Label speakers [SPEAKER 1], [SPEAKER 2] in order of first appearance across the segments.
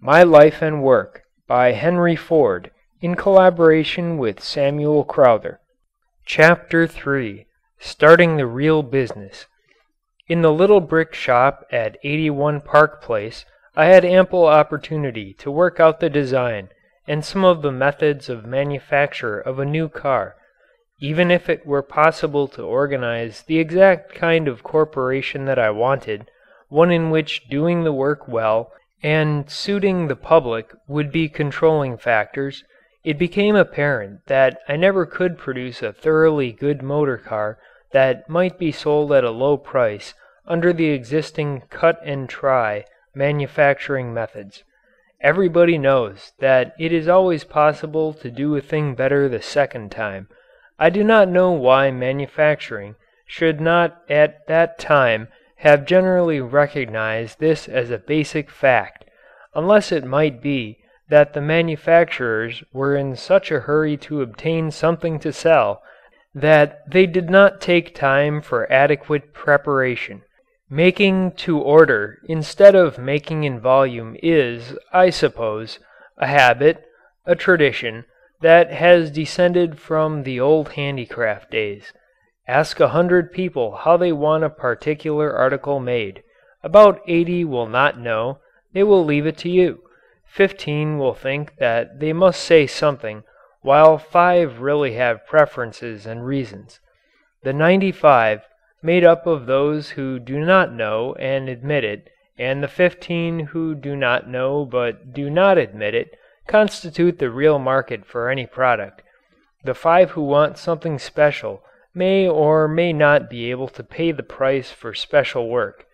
[SPEAKER 1] My Life and Work, by Henry Ford, in collaboration with Samuel Crowther. CHAPTER Three: STARTING THE REAL BUSINESS In the little brick shop at 81 Park Place I had ample opportunity to work out the design and some of the methods of manufacture of a new car, even if it were possible to organize the exact kind of corporation that I wanted, one in which doing the work well and suiting the public would be controlling factors, it became apparent that I never could produce a thoroughly good motor car that might be sold at a low price under the existing cut and try manufacturing methods. Everybody knows that it is always possible to do a thing better the second time. I do not know why manufacturing should not at that time have generally recognized this as a basic fact, unless it might be that the manufacturers were in such a hurry to obtain something to sell that they did not take time for adequate preparation. Making to order instead of making in volume is, I suppose, a habit, a tradition, that has descended from the old handicraft days. Ask a hundred people how they want a particular article made. About eighty will not know; they will leave it to you. Fifteen will think that they must say something, while five really have preferences and reasons. The ninety five, made up of those who do not know and admit it, and the fifteen who do not know but do not admit it, constitute the real market for any product. The five who want something special may or may not be able to pay the price for special work.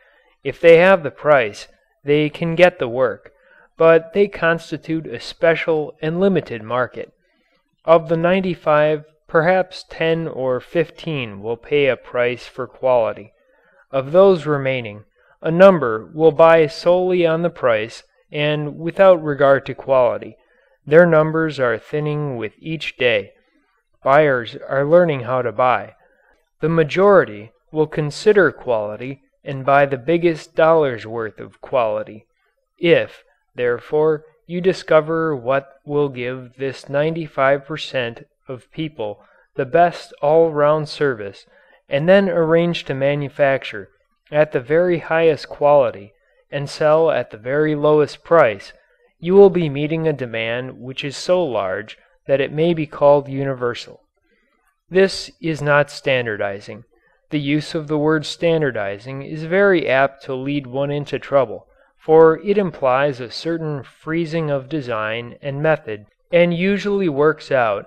[SPEAKER 1] If they have the price, they can get the work, but they constitute a special and limited market. Of the ninety five perhaps ten or fifteen will pay a price for quality. Of those remaining, a number will buy solely on the price and without regard to quality. Their numbers are thinning with each day buyers are learning how to buy. The majority will consider quality and buy the biggest dollar's worth of quality. If, therefore, you discover what will give this 95 per cent. of people the best all round service and then arrange to manufacture at the very highest quality and sell at the very lowest price, you will be meeting a demand which is so large that it may be called universal. This is not standardizing. The use of the word standardizing is very apt to lead one into trouble, for it implies a certain freezing of design and method and usually works out